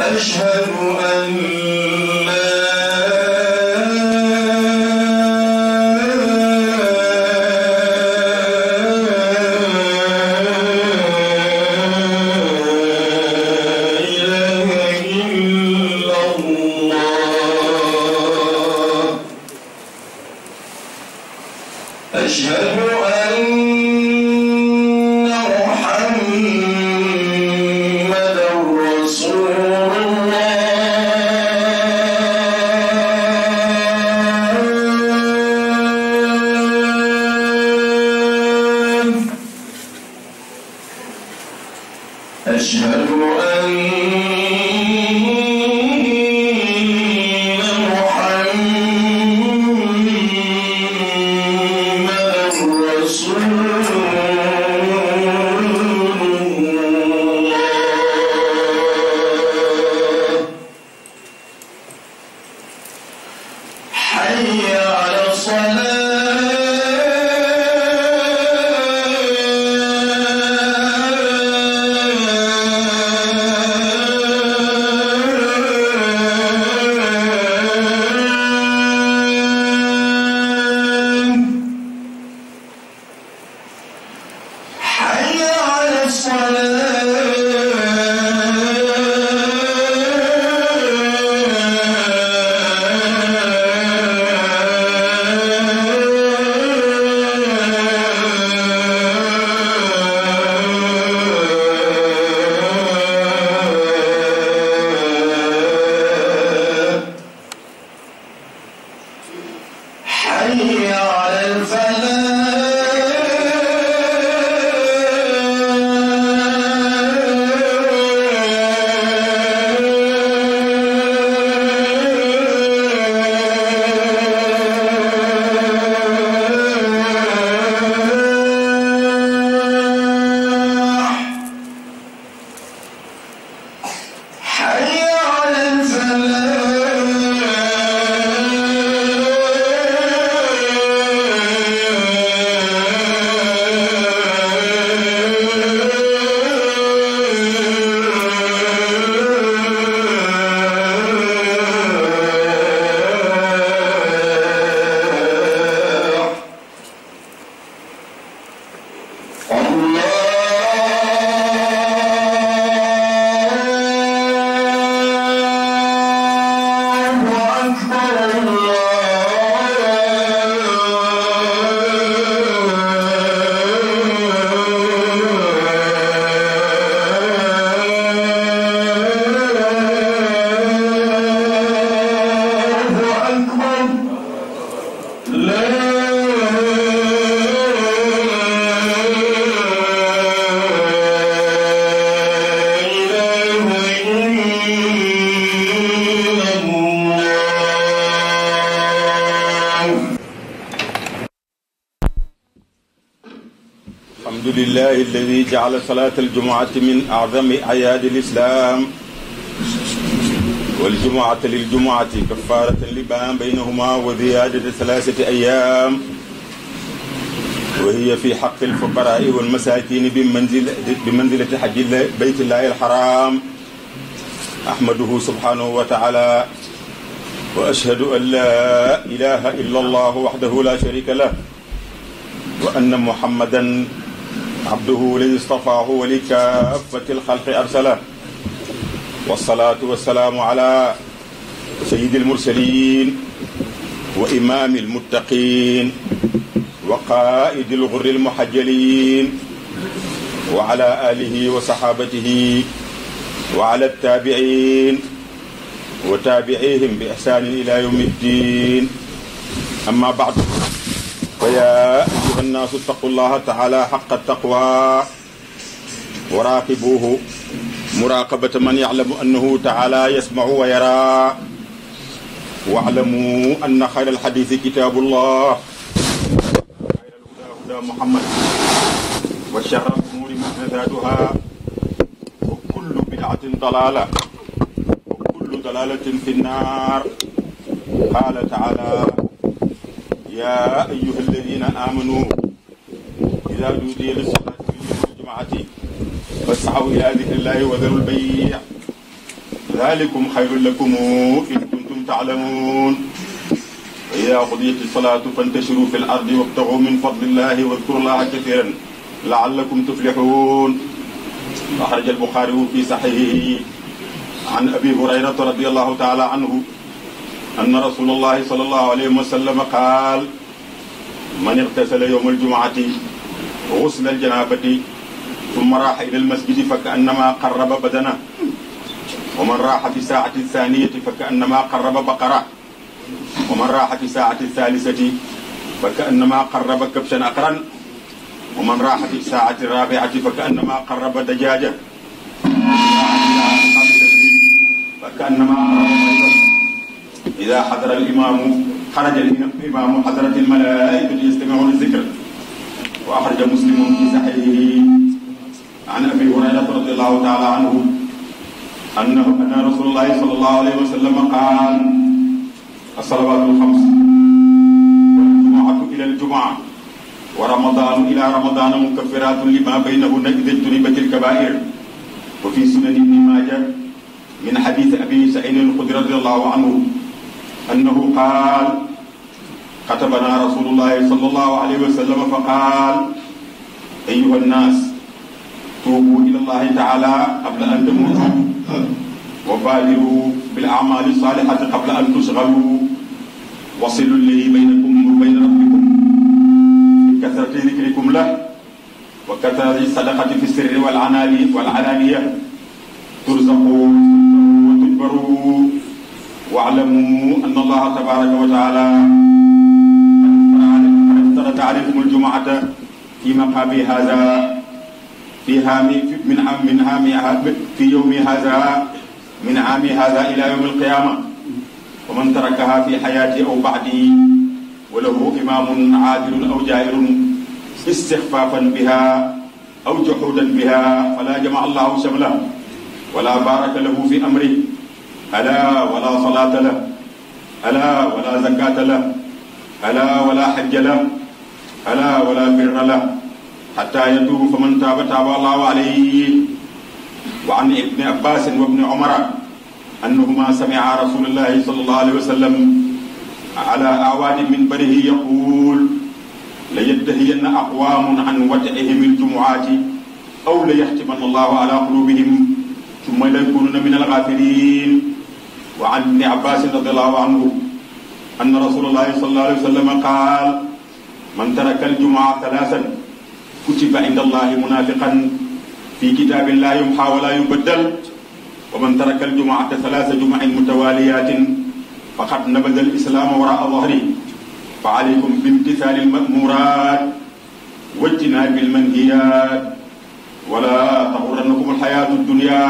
فاشهدوا أن على صلاة الجمعة من أعظم أعياد الإسلام والجمعة للجمعة كفارة لما بينهما وزيادة ثلاثة أيام وهي في حق الفقراء والمساكين بمنزلة, بمنزلة حج بيت الله الحرام أحمده سبحانه وتعالى وأشهد أن لا إله إلا الله وحده لا شريك له وأن محمدا عبده الذي اصطفاه ولكافة الخلق أرسله والصلاة والسلام على سيد المرسلين وإمام المتقين وقائد الغر المحجلين وعلى آله وصحابته وعلى التابعين وتابعيهم بإحسان إلى يوم الدين أما بعد فيا الناس اتقوا الله تعالى حق التقوى وراقبوه مراقبة من يعلم أنه تعالى يسمع ويرى واعلموا أن خير الحديث كتاب الله خير الهدى هدى محمد وشر الأمور محدثاتها وكل بدعة ضلالة وكل ضلالة في النار قال تعالى يا أيها الذين آمنوا إذا نودي للصلاة من الجمعة فاسعوا إلى ذكر الله وذروا البيع ذلكم خير لكم إن كنتم تعلمون وإذا قضيت الصلاة فانتشروا في الأرض وابتغوا من فضل الله واذكروا الله كثيرا لعلكم تفلحون أخرج البخاري في صحيحه عن أبي هريرة رضي الله تعالى عنه أن رسول الله صلى الله عليه وسلم قال من اغتسل يوم الجمعة غسل الجنابة ثم راح إلى المسجد فكأنما قرب بدنه ومن راح في الساعة الثانية فكأنما قرب بقرة ومن راح في الساعة الثالثة فكأنما قرب كبشا أقرا ومن راح في الساعة الرابعة فكأنما قرب دجاجة فكأنما قرب إذا حضر الإمام خرج الإمام حضرة الملائكة يستمعون الذكر وأخرج مسلم في صحيحه عن أبي هريرة رضي الله تعالى عنه أنه أن رسول الله صلى الله عليه وسلم قال الصلوات الخمس والجمعة إلى الجمعة ورمضان إلى رمضان مكفرات لما بينهن إذا اجتنبت الكبائر وفي سنن ابن ماجه من حديث أبي سعيد الخدري رضي الله عنه أنه قال كتبنا رسول الله صلى الله عليه وسلم فقال أيها الناس توبوا إلى الله تعالى قبل أن تموتوا وبادروا بالأعمال الصالحة قبل أن تشغلوا وصلوا الذي بينكم وبين ربكم بكثرة ذكركم له وكثرة الصدقة في السر والعنانية والعنانية ترزقوا وتجبروا واعلموا أن الله تبارك وتعالى قد افترض عليكم الجمعة في مقام هذا في هام من عام من عام في يوم هذا من عام هذا إلى يوم القيامة ومن تركها في حياته أو بعده وله إمام عادل أو جائر استخفافا بها أو جحودا بها فلا جمع الله شمله ولا بارك له في أمره ألا ولا صلاة له ألا ولا زكاة له ألا ولا حج له ألا ولا بر له حتى يتوب فمن تاب تاب الله عليه وعن ابن عباس وابن عمر أنهما سمعا رسول الله صلى الله عليه وسلم على أعوان منبره يقول لينتهين أقوام عن وجعهم الجمعات أو ليحتمن الله على قلوبهم ثم لا يكونون من الغافلين وعن ابن عباس رضي الله عنه أن رسول الله صلى الله عليه وسلم قال من ترك الجمعة ثلاثا كتب عند الله منافقا في كتاب لا يمحى ولا يبدل ومن ترك الجمعة ثلاث جمع متواليات فقد نبذ الإسلام وراء ظهره فعليكم بامتثال المأمورات واجتناب المنهيات ولا تغرنكم الحياة الدنيا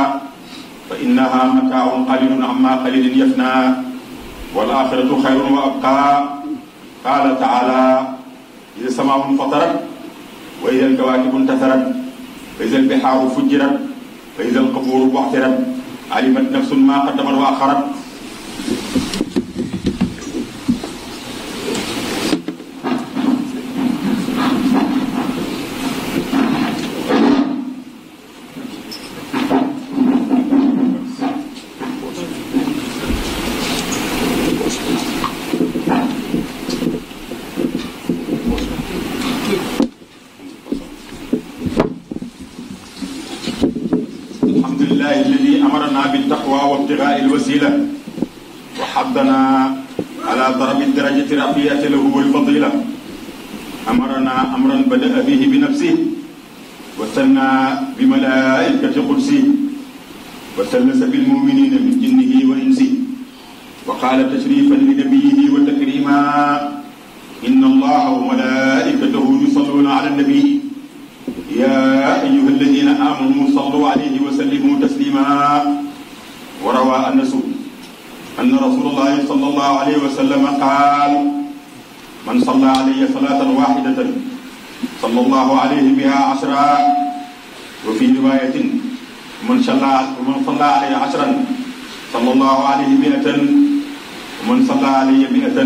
إنها متاع قليل عما قليل يفنى والآخرة خير وأبقى قال تعالى إذا السماء انفطرت وإذا الكواكب انتثرت فإذا البحار فجرت فإذا القبور بعثرت علمت نفس ما قدمت وأخرت الاحترافية له الفضيلة أمرنا أمرا بدأ به بنفسه وثنى بملائكة قدسه وثلث بالمؤمنين من جنه وإنسه وقال تشريفا لنبيه وتكريما إن الله وملائكته يصلون على النبي يا أيها الذين آمنوا صلوا عليه وسلموا تسليما وروى أنس أن رسول الله صلى الله عليه وسلم قال من صلى علي صلاة واحدة صلى الله عليه بها عشرا وفي رواية من صلى من صلى علي عشرا صلى الله عليه مئة ومن صلى علي مئة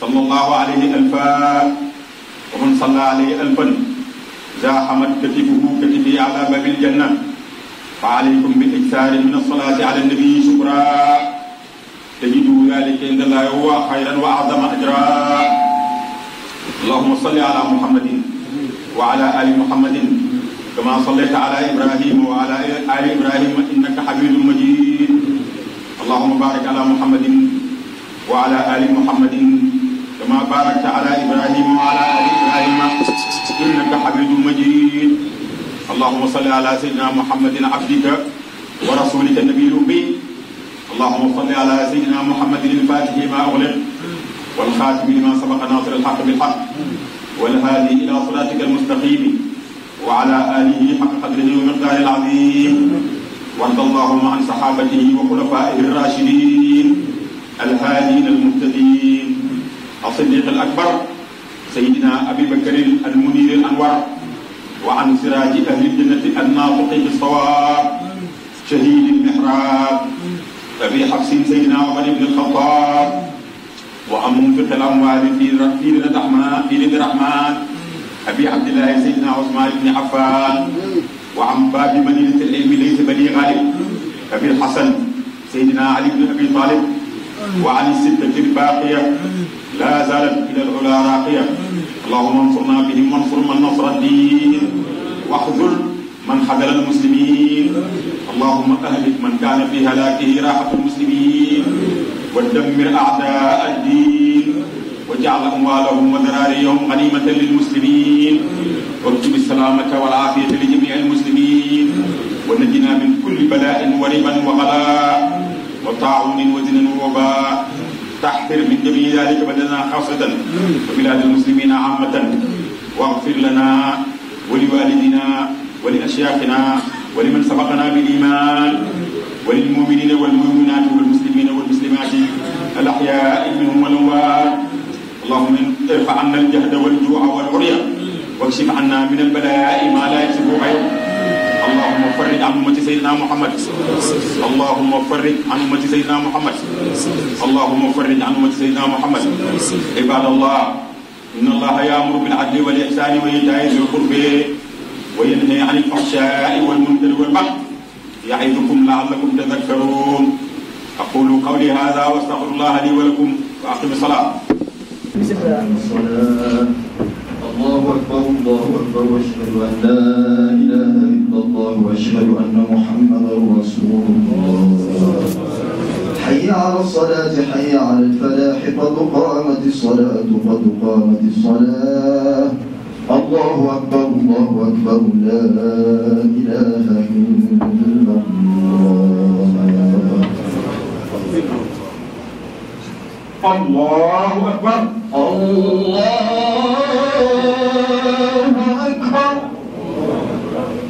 صلى الله عليه ألفا ومن صلى علي ألفا زاحمت كتفه كتفي على باب الجنة فعليكم بالإكثار من الصلاة على النبي شكرا ذلك عند الله هو خيرا واعظم اجرا اللهم صل على محمد وعلى ال محمد كما صليت على ابراهيم وعلى ال ابراهيم انك حميد مجيد اللهم بارك على محمد وعلى ال محمد كما باركت على ابراهيم وعلى ال ابراهيم انك حميد مجيد اللهم صل على سيدنا محمد عبدك ورسولك النبي الامي اللهم صل على سيدنا محمد الفاتح ما أغلق والخاتم لما سبق ناصر الحق بالحق والهادي إلى صلاتك المستقيم وعلى آله حق قدره ومقداره العظيم وارض اللهم عن صحابته وخلفائه الراشدين الهادين المهتدين الصديق الأكبر سيدنا أبي بكر المنير الأنور وعن سراج أهل الجنة الناطق بالصواب شهيد المحراب ففي حبسهم سيدنا عمر بن الخطاب وعن منفق الاموال في رحمة الرحمن في الرحمن ابي عبد الله سيدنا عثمان بن عفان وعن باب مدينة العلم ليس بني غالب ابي الحسن سيدنا علي بن ابي طالب وعن الستة الباقية لا زالت الى العلا راقية اللهم انصرنا بهم وانصر من نصر الدين واخذل من خذل المسلمين اللهم أهلك من كان في هلاكه راحة المسلمين ودمر أعداء الدين واجعل أموالهم وذراريهم غنيمة للمسلمين واكتب السلامة والعافية لجميع المسلمين ونجنا من كل بلاء وربا وغلاء وطاعون وزن ووباء تحفر من جميع ذلك بلدنا خاصة وبلاد المسلمين عامة واغفر لنا ولوالدنا ولأشياخنا ولمن سبقنا بالإيمان وللمؤمنين والمؤمنات والمسلمين والمسلمات الأحياء منهم والأموات اللهم ارفع عنا الجهد والجوع والعري واكشف عنا من البلاء ما لا يكشف غيره اللهم فرج عن أمة سيدنا محمد اللهم فرج عن أمة سيدنا محمد اللهم فرج عن أمة سيدنا محمد عباد الله إن الله يأمر بالعدل والإحسان وإيتاء ذي القربى وينهى عن الفحشاء والمنكر والبغي يعظكم لعلكم تذكرون أقول قولي هذا وأستغفر الله لي ولكم وأقم الصلاة الله أكبر الله أكبر وأشهد أن لا إله إلا الله وأشهد أن محمدا رسول الله حي على الصلاة حي على الفلاح قد قامت الصلاة قد قامت الصلاة الله أكبر الله أكبر لا إله إلا الله الله أكبر الله أكبر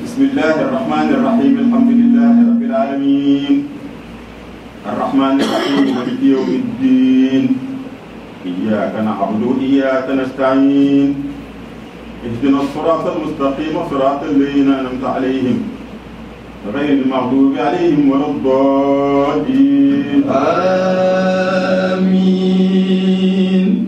بسم الله الرحمن الرحيم الحمد لله رب العالمين الرحمن الرحيم مالك يوم الدين إياك نعبد وإياك نستعين اهدنا الصراط المستقيم صراط الذين أنعمت عليهم غير المغضوب عليهم ولا الضالين آمين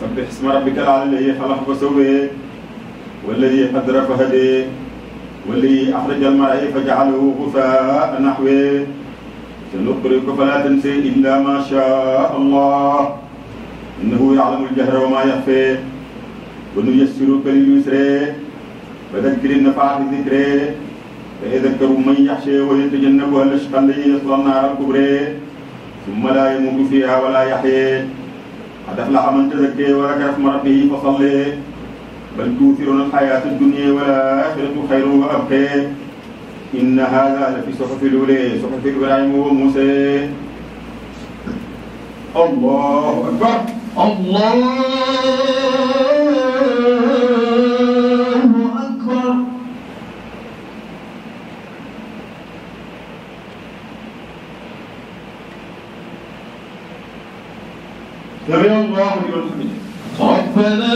سبح اسم ربك العلي الذي خلق فسوي والذي قدر فهدي والذي أخرج المرعي فجعله غفاء نحوه سنقرئك فلا تنسى إلا ما شاء الله إنه يعلم الجهر وما يخفي ونيسرك لليسر فذكر النفع في ذكره فيذكر من يحشى ويتجنبها الأشقى الذي يصلى النار الكبرى ثم لا يموت فيها ولا يحيى قد أفلح من تزكى وذكر اسم ربه فصلى بل توثرون الحياة الدنيا والآخرة خير وأبقى إن هذا لفي صحف الأولى صحف إبراهيم وموسى الله أكبر الله أكبر الله ربنا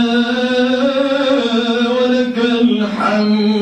ولك الحمد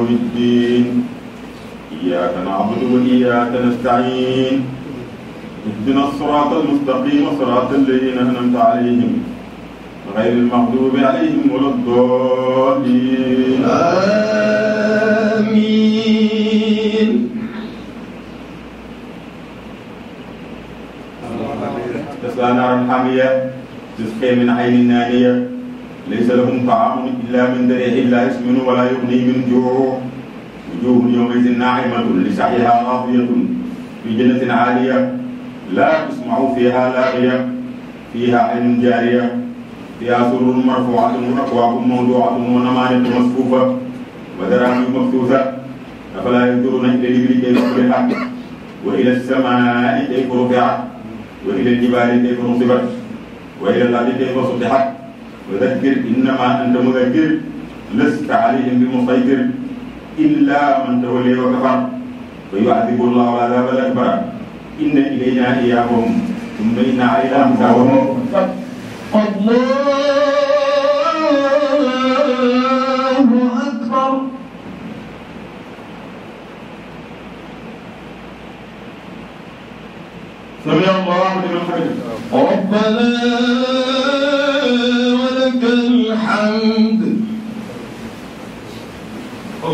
يوم الدين إياك نعبد وإياك نستعين اهدنا الصراط المستقيم صراط الذين أنعمت عليهم غير المغضوب عليهم ولا الضالين آمين تسلى نارا الحمية تسقي من عين النانيه ليس لهم طعام إلا من ذريع لا يسمن ولا يغني من جوع وجوه يومئذ ناعمة لسعيها راضية في جنة عالية لا تسمع فيها لاغية فيها عين جارية فيها سرر مرفوعة وأكواب موضوعة ونمارق مصفوفة ودراهم مبثوثة أفلا ينظرون إلى الإبل كيف خلقت وإلى السماء كيف رفعت وإلى الجبال كيف نصبت وإلى الأرض كيف سطحت وذكر إنما أنت مذكر لست عليهم بمسيطر إلا من تولي وكفر ويعذب الله العذاب الأكبر إن إلينا إياهم ثم إن علينا حسابهم الله أكبر سمع الله لمن حمده ربنا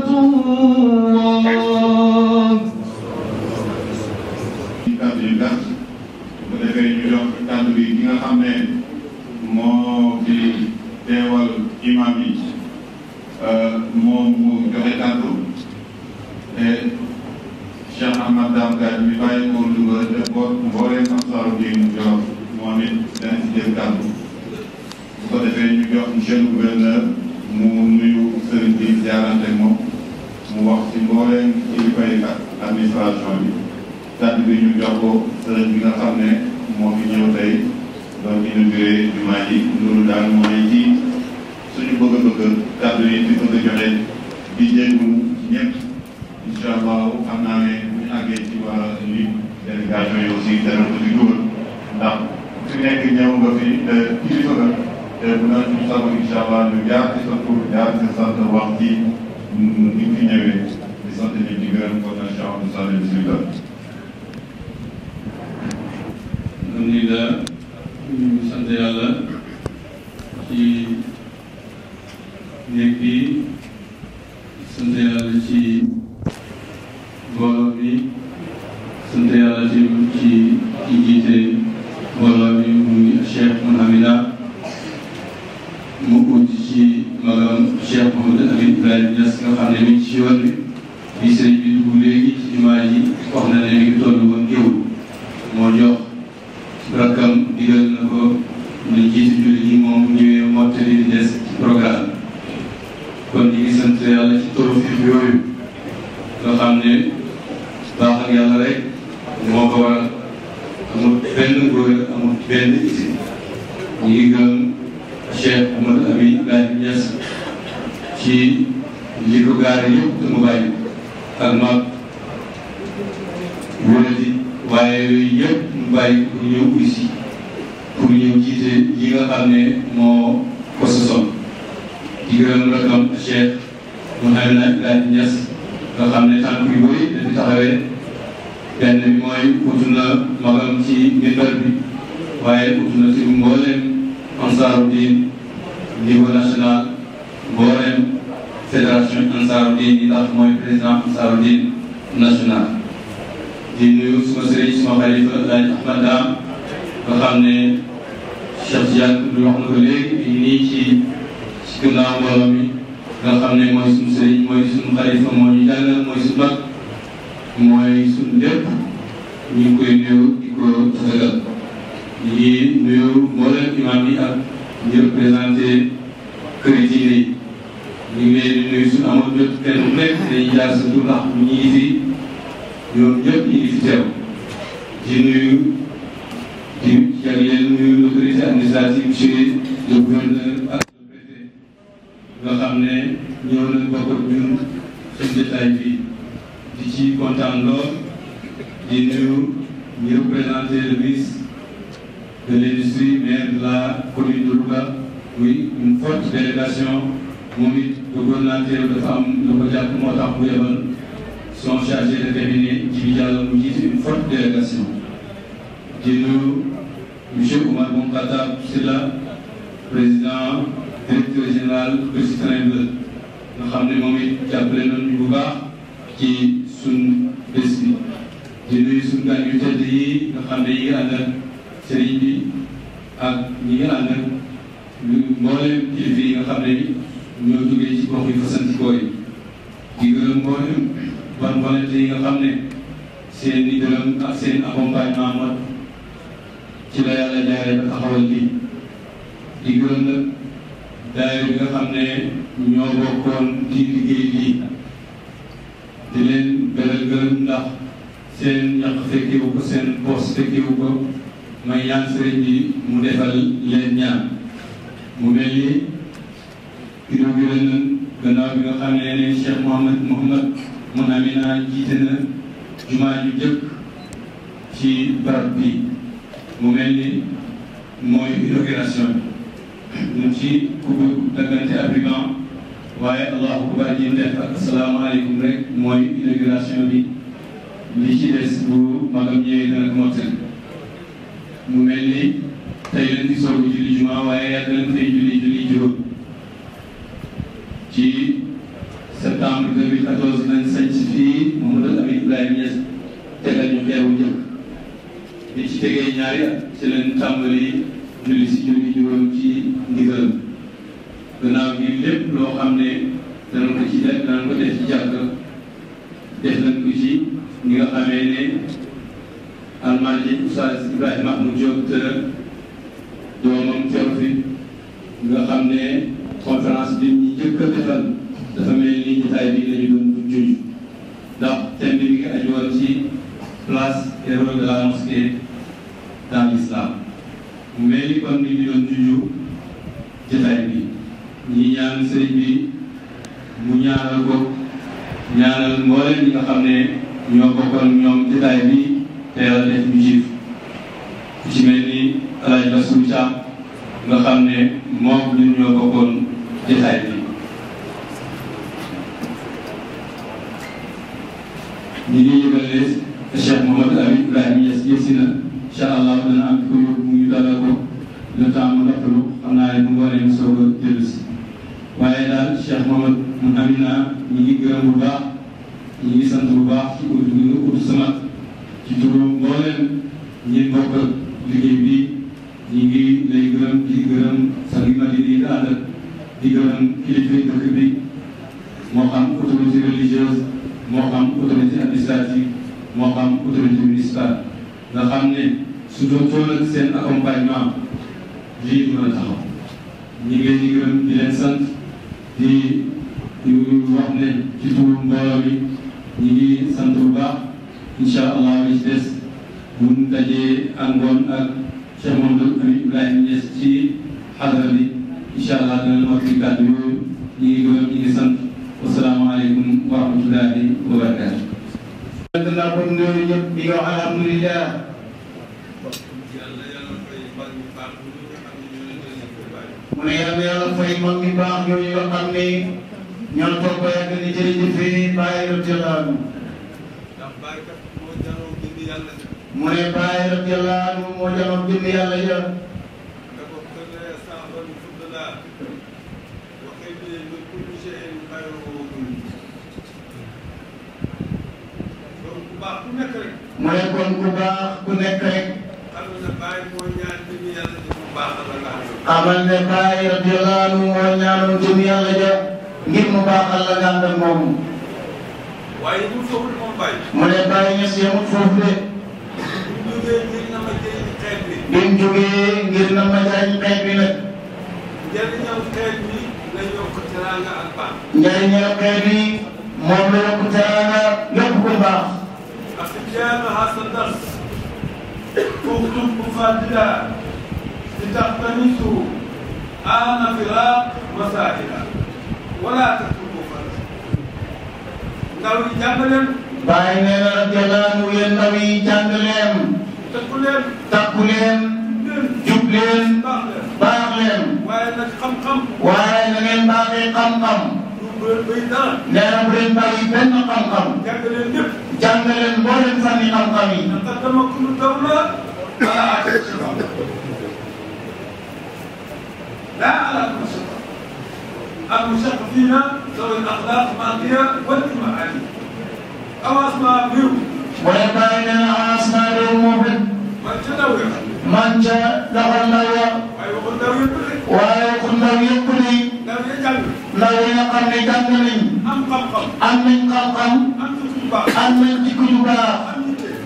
كنتم ne mooy ut na magam ci minbar bi waaye ut na ci mbooleem ansaaru diin niveau national mbooleem fédération ansaaru diin yi ndax mooy président ansaaru diin national di nuyu suma sëriñ suma xalifa Laaj Ahmad Daam nga xam ne Cheikh Diagne lu wax na ko léegi ñu nii ci ci ginnaaw mbooloo mi nga xam ne mooy suñu sëriñ mooy suñu xalifa moo ñu jàngal mooy suñu mag mooy suñu lépp ñu ngi koy nuyu di ko sëgal ñu ngi nuyu mboolem ak ñi représenté kër diine yi ñu ngi leen di nuyu kenn nekk dañuy jaar sa tur ndax ñu ngi fi ñoom ñëpp ñu ngi fi teew di nuyu di jagleel nuyu administrative monsieur le gouverneur ak le préfet nga xam ne ñëw nañ bokk ak ñun seen jotaay di ci kontaan du nous ngir représenter le vice de l'industrie maire de la commune de Louga Oui, une forte délégation moom le bëggoon de femmes de am lu ko jàpp moo tax de cabinet Djibi une forte délégation dis nous, monsieur Omar Bonkata, c'est là, président directeur général de Trains Bleus nga xam ne qui a jàppale nañu bu baax ci di nuyu suñu gan yu tedd yi nga xam ne ñi ngi ànd ak sëriñ bi ak ñi ngi ànd yi nga xam ne ñoo jógee ci gox yu fasantikoo yi di gërëm mboolem ban yi nga ne seen i gërëm ak seen accompagnement mat ci la yàlla jaaree ba taxawal lii di gërëm nag daayira bi nga xam ne ñoo bokkoon di liggéey lii di leen beral gërëm seen ñax fekkiwu seen poos fekkiwu ko may ñaan mu defal leen ñaan mu mel ni inauguré na gannaaw bi nga xam ne ne Cheikh Mouhamad Mouhamad mun amina jiite na jumaa ju jëkk ci barab bi mu mel ni mooy inauguration bi ñun ci kubu daggante abrigan waaye allahu akbar ji def ak asalaamaaleykum rek mooy inauguration bi li ci des bu magam ñëwee dana ko mottali mu mel ni tey leen di soogu julli jumaa waaye yàgg leen tey julli julli juróom ci septembre 2014 lañ sañ si fii Mamadou Amine Ibrahima Niass tegal ñu xeewu njëkk li ci tegee ñaari at ci leen tàmbali julli si julli juróom ci ndigalam gannaaw gi lépp loo xam ne dana ko ci def dana ko def ci jàkk xamee ne almaaji Oustaz Ibrahima Mahmoud Diop tërë doomam teew fi nga xam ne conférence bi ñu jëkk a defal dafa mel ni jotaay bi la ñu doon bu juj ndax thème bi mi aju woon ci place et de la mosquée Cheikh Mamadou Amine mu ne Baay radiyallaahu anhu moo janoon jëmm yàlla ya mu ne kon ku baax ku nekk rek. xamal ne Baay radiyallaahu anhu moo ñaanoon jëmm yàlla ja ngir mu baaxal la nga àndal moom. waaye mu ne Baay ñes yemut foofu de. jógee ngir na yokk teraanga ak baax. njëriñam xeet bi moom yokk teraanga yokk ko baax. ak jaana xasa das. uktub aana firaaq masaajida wala tatruku fard. ndaw yi jàng leen. bàyyi nee na jëlaat mu yéen Takulen, juplen, jub leen baax leen waaye na ngeen baaxee xam-xam nee na bu leen bàyyi benn xam-xam jàng leen boo leen sànni xam-xam yi لا على المشقة المشقة فينا ذوي الأخلاق الماضية والمعاني أو أسماء بيوم ويبين العاصمة المبد من جاء له النوى ويقول لو يقولي لو يقم لجنن أم من قلقم أم من تكتبا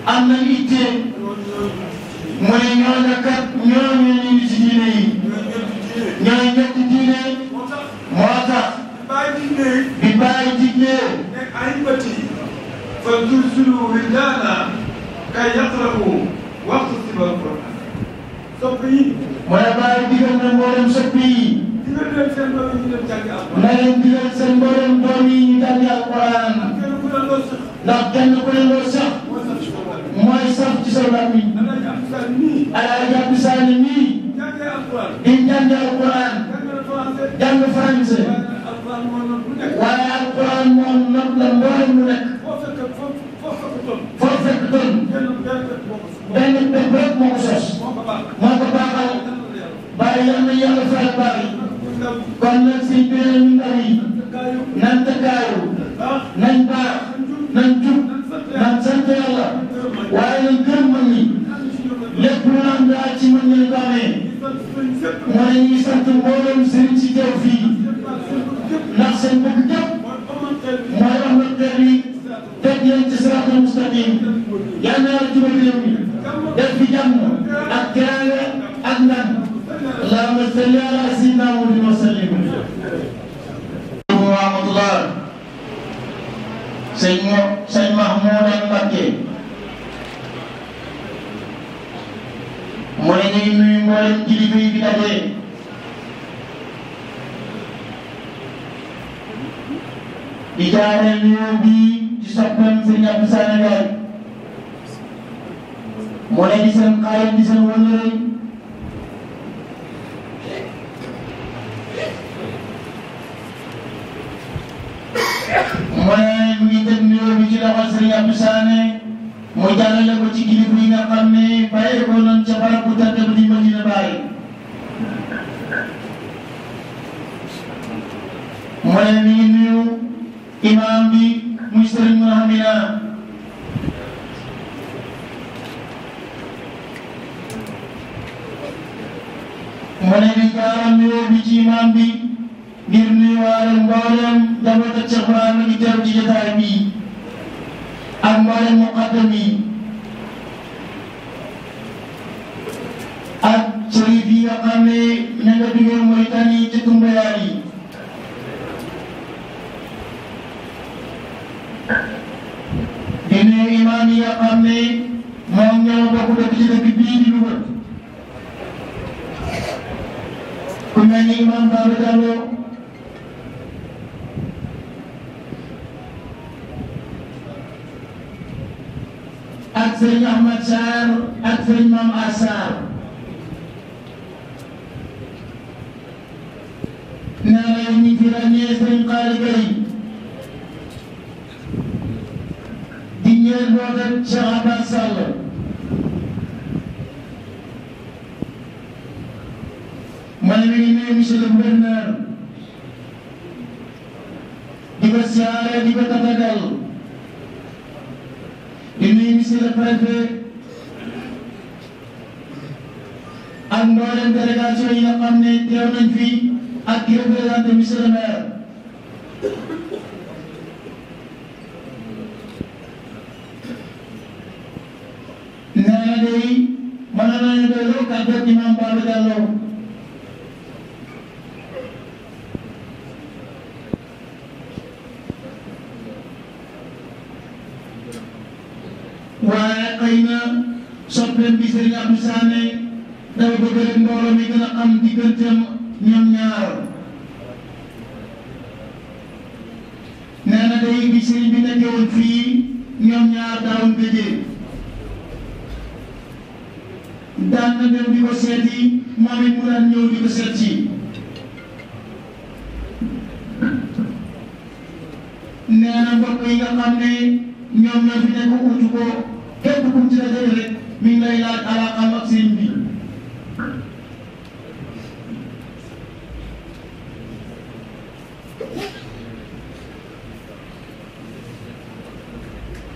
أم من إتي من يونكت يونيوني سجيني رجالا كي يقرأوا واقتصب القرآن سبي ولا باي ديغال نمبولم سبي na leen digal seen mboolem doom yi ñu jàng alquran ndax ngir nuyuwaale mbooleem jaboota Cheikh Ibrahima gi teew ci jotaay bii ak mbooleem muqaddam yi ak sëriñ yi nga xam ne na nga duggee Mauritanie ci Kumbayaan yi di nuyu imaam yi nga xam ne moom ñoo bokk dëkk ci dëkk bii di Louga Asar at Imam Asar Nalani firanya sering kali kali Dinyal buatan Syekh salam, Malini ini misalnya benar, Bersiara di Kota Tegal ini misalnya Prefect délégation yi nga xam ne nañ fi ak di représenté monsieur le maire day mën naa ne ci bi mbooloo mi gën a xam digganteem ñoom ñaar nee na day bi sëriñ bi nekkewoon fii ñoom ñaar daawuñ gëjee daan na dem di ko seeti moom it mu daan ñëw di ko seet si nee na mbokk yi nga xam ne ñoom ñoo fi nekk utu ko ci daje rek mi ngi lay laaj ala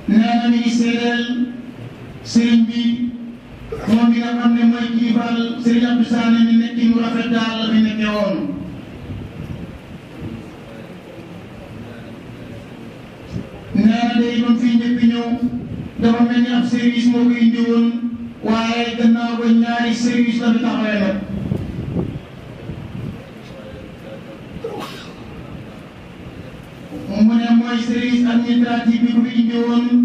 nee na ñu ngi seedeel sëriñ bi moom mi nga xam ne mooy kilifaal sëriñ Abdou Sané ni nekkin mu rafet daal la fi nekkee woon nee na day doon fii ñëpp ñëw dafa mel ni ab service moo koy indiwoon waaye gannaaw ba ñaari service la fi taxawee nag you doing?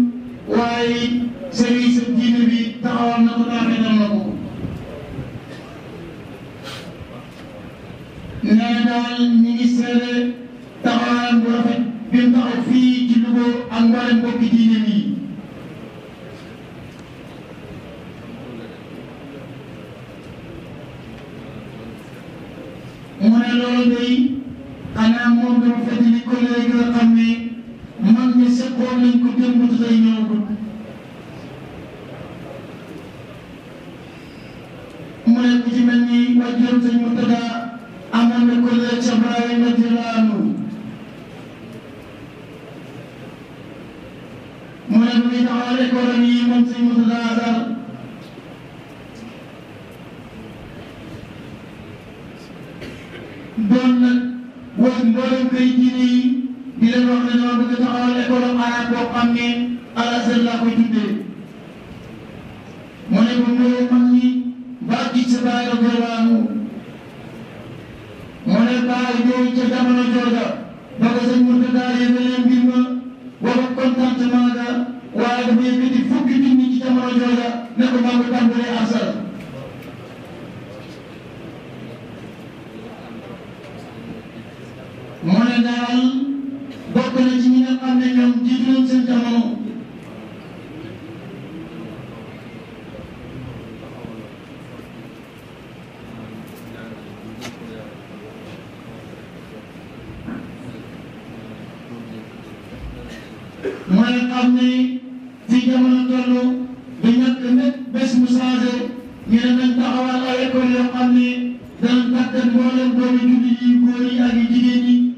nga xam ne ci jamono toll du ñàkk nekk bés mu changé ñu ne nañ taxawal ay école yoo xam ne danañ doomi julli yi yi ak yi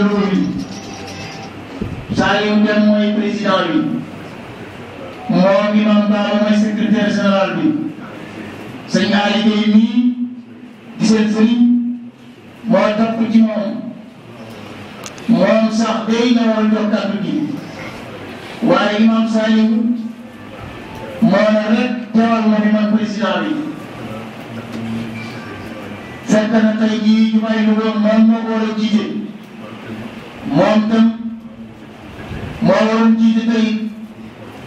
République Saliou Thioune mooy président bi moom Imam Bara mooy secrétaire général bi sëñ Aly Gueye mii di seen moo topp ci moom moom sax day na war a jox waaye Imam Saliou moo ne rek teewal ma ni man président bi fekk na tey jii ñu may lu doon moo ko war a moom tam moo waroon jiite tey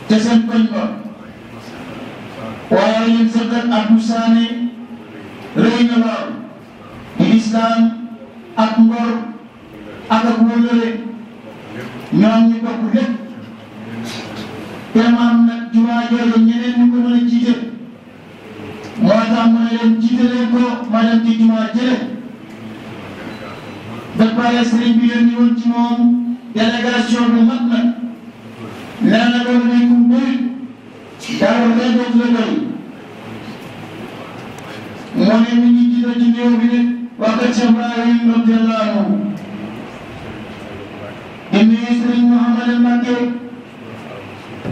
ca seen koñ ba waaye yéen sa kër Abdou Sané rëy na lool di lislaam ak ngor ak ak wóllëre ñoom ñu bokk lépp te maam nag jumaa jooju ñeneen ñu ko mën a jiite moo tax ne leen jiite leen ko ma dem dafay sëriñ bi yónni woon ci moom délégation bu mag nag nee na loolu day ko bëri daaw day dootu la doy moo ne mi ngi jiital ci néew bi nag waa kër Cheikh Ibrahim radiyallahu anhu di nuyu sëriñ Mouhamad El Mbacké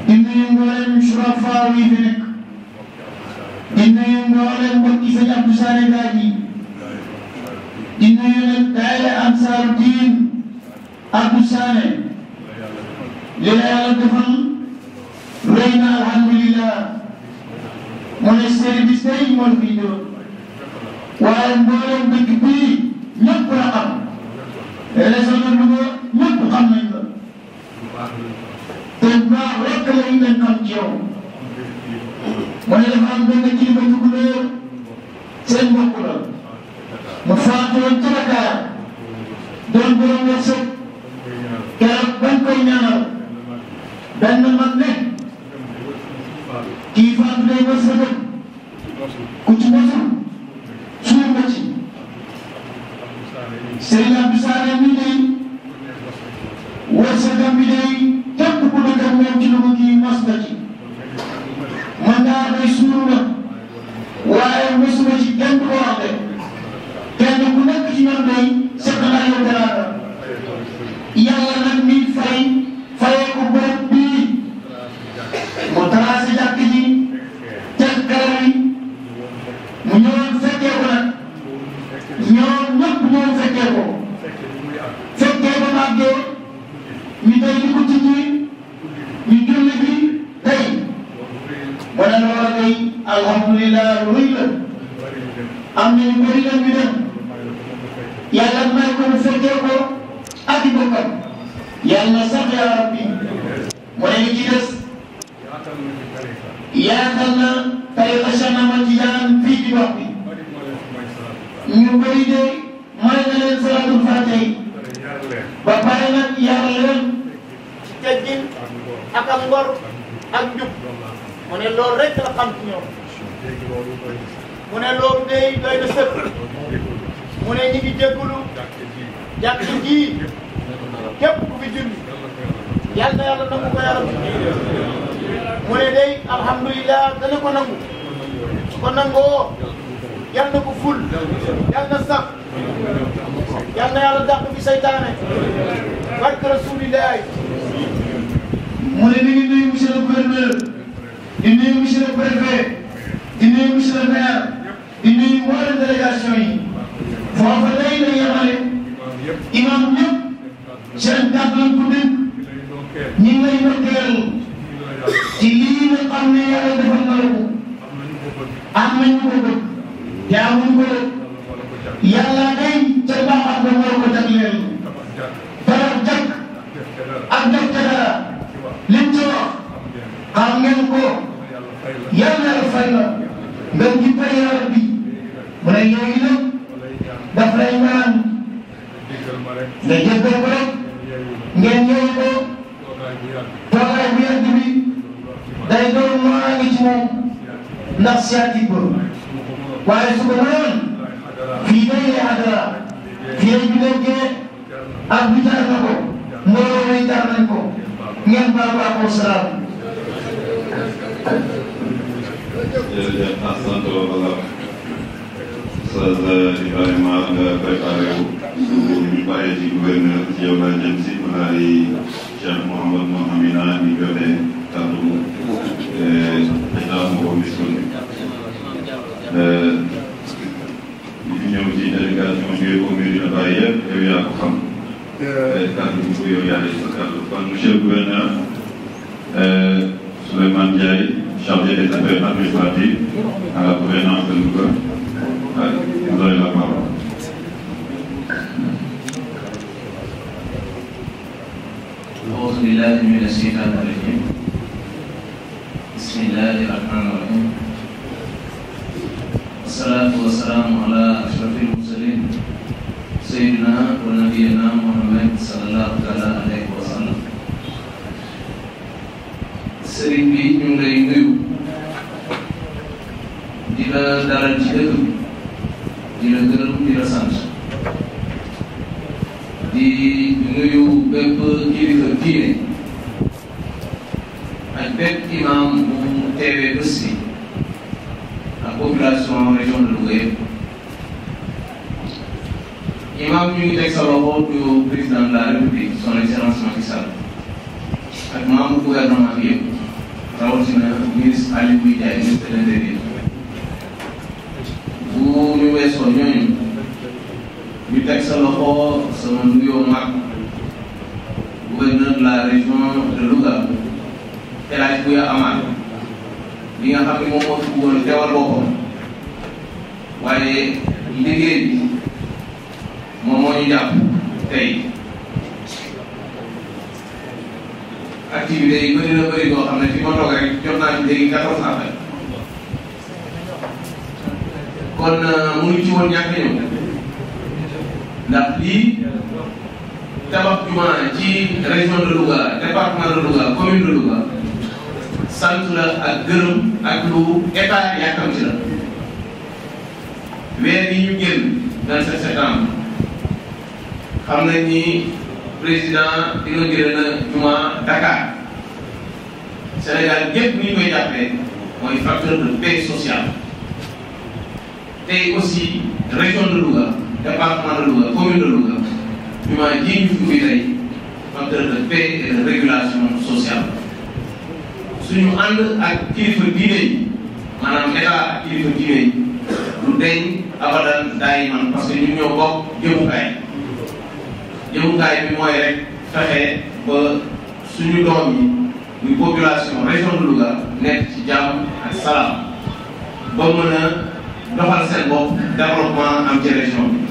di nuyu mboolem surafa yi fi nekk di nuyu mboolem mbokk yi sëñ Abdou Sane nuyu nag daayira Ansaaru Diin Abdou Sané li la yàlla defal rëy na alhamdulilah mu ne sëriñ bi sëriñ moo fi ñëw waaye mboolem dëkk bii ñëpp la xam réseau de Louga ñëpp xam nañ la te baax rekk la ñu leen xam ci yow mu ne dafa am benn kilifa bu seen mbokk la. mu faatuwoon ci Dakar doon borom wërsëg keroog bañ koy ñaanal benn mag ne kii faatu day wërsëgam ku ci mosul suuf nga ci Serigne Abdou Sarr mi day wërsëgam bi day day doon maa ngi ci moom ndax siyaati boobu waaye su ko mënoon fii day lay adara fii lay jullee ak bi jaar na ko mbooloo lay jaar nañ ko ngeen baal ko ak salaam. jërëjëf ah sant wala Oustaz euh, Ibrahima nga euh, préparé wu ñu bàyyee ci gouverneur ci yow laa jëm si mën naa di Cheikh Mouhamed Mouhamina ñu jotee kàddu président Mbow mi suñ li ñëw ci délégation bi yooyu commune dina bàyyi yëpp yow yaa ko xam. kàddu bu ko yow yaa sa kàddu kon monsieur le gouverneur Souleymane Ndiaye chargé des affaires administratives à la gouvernance de Louga vous avez la parole. أعوذ بالله من الشيطان الرجيم Bismillahirrahmanirrahim Assalatu wassalamu ala ashrafil muslim Sayyidina wa Muhammad sallallahu alaihi wasallam Sëriñ bi ñu ngi lay nuyu di la dalal ci dëkk bi di di la sant di nuyu bépp kilifa diine imam teewee bés bi ak population région de Louga yëpp imaam ñu ngi teg sa loxo du président de la république son excellence Macky Sall ak membre gouvernement bi yëpp rawatina ministre Aly Ngouille Ndiaye ministre de l'intérieur bu ñu weesoo ñooñu ñu teg sa loxo sama nuyoo mag gouverneur de la région de Louga El Hadj Bouya Amar li nga xam ne moom moo fi woon teewal boppam waaye liggéey bi moom moo ñu jàpp tey activités yi bëri na bëri boo xam ne fi ma toog rek jot naa ci léegi quatorze appel kon euh, mënuñu ci woon ñàkk ñëw ndax lii tabax jumaa ci région de Louga département de Louga commune de Louga sant la ak gërëm ak lu état yàkkam ci la weer yi ñu génn dans ce septembre xam nañ ni président inauguré na juma Dakar Sénégal gépp ni ñu mooy facteur de paix sociale tey aussi région de Louga département de Louga commune de Louga juma ji ñu fi ubbi tey facteur de paix et de régulation suñu ànd ak kilifa diine yi maanaam état ak kilifa diine yi lu deñ abadan daay man parce que ñu ñoo bokk jëmukaay jëmukaay bi mooy rek fexe ba suñu doom yi muy population région de Louga nekk ci jàmm ak ba mën a doxal seen bopp développement am ci région bi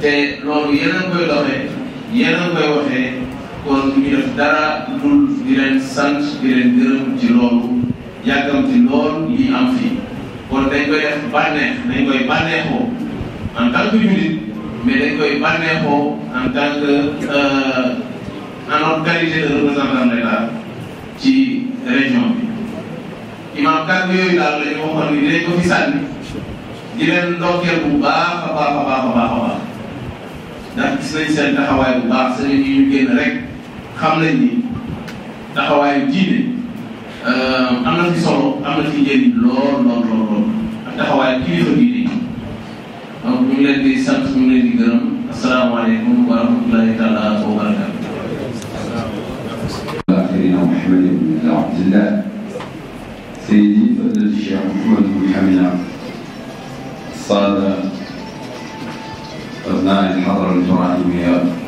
te loolu yeneen koy doxee yeneen koy waxee kon ñu def dara dul di leen sant di leen gërëm ci loolu yàggam ci lool yi am fii kon dañ koy def bànneex dañ koy bànneexoo en tant que jullit mais dañ koy bànneexoo en tant que euh, en organisé de représentant de l'État ci région bi imaam kàddu yooyu daal la ñu waxoon ni dinañ ko fi sànni di leen ndokkeel bu baax a baax a baax a baax a baax ndax gis nañ seen taxawaay bu baax semaine yi ñu génn xam nañ ni taxawaayu diine am na fi solo am na fi njëriñ lool lool lool lool ak taxawaayu kilifa diine donc ñu ngi leen di sant ñu ngi leen di gërëm asalaamaaleykum wa rahmatulahi taala wa barakatu سيدنا محمد بن عبد الله سيدي فضل الشيخ محمد بن حميدة الصادق أبناء الحضرة الإبراهيمية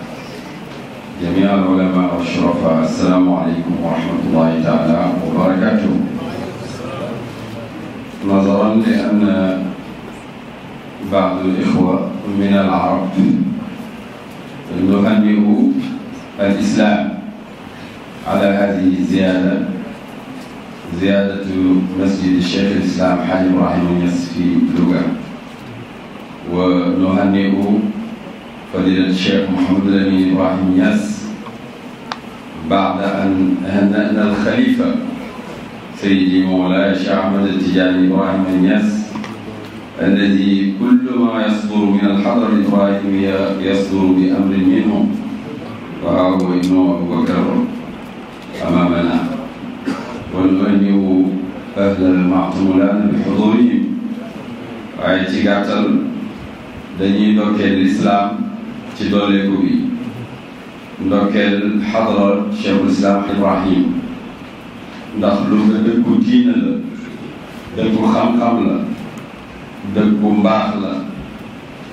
جميع العلماء والشرفاء السلام عليكم ورحمة الله تعالى وبركاته نظرا لأن بعض الإخوة من العرب نهنئ الإسلام على هذه الزيادة زيادة مسجد الشيخ الإسلام حاج إبراهيم يس في بلوغا ونهنئ فضيلة الشيخ محمد الأمين إبراهيم ياس بعد أن هنأنا الخليفة سيدي مولاي الشيخ أحمد التجاني إبراهيم ياس الذي كل ما يصدر من الحضر الإبراهيمي يصدر بأمر منه وهو إنه أبو بكر أمامنا ونهنئ أهل المعتمولان بحضورهم واعتقادا دنيا بكر الإسلام ci dooleeku bi ndokkeel xadara cheikhul islam ibrahim ndax lu nga dëkku diina la dëkku xam-xam la dëkku mbaax la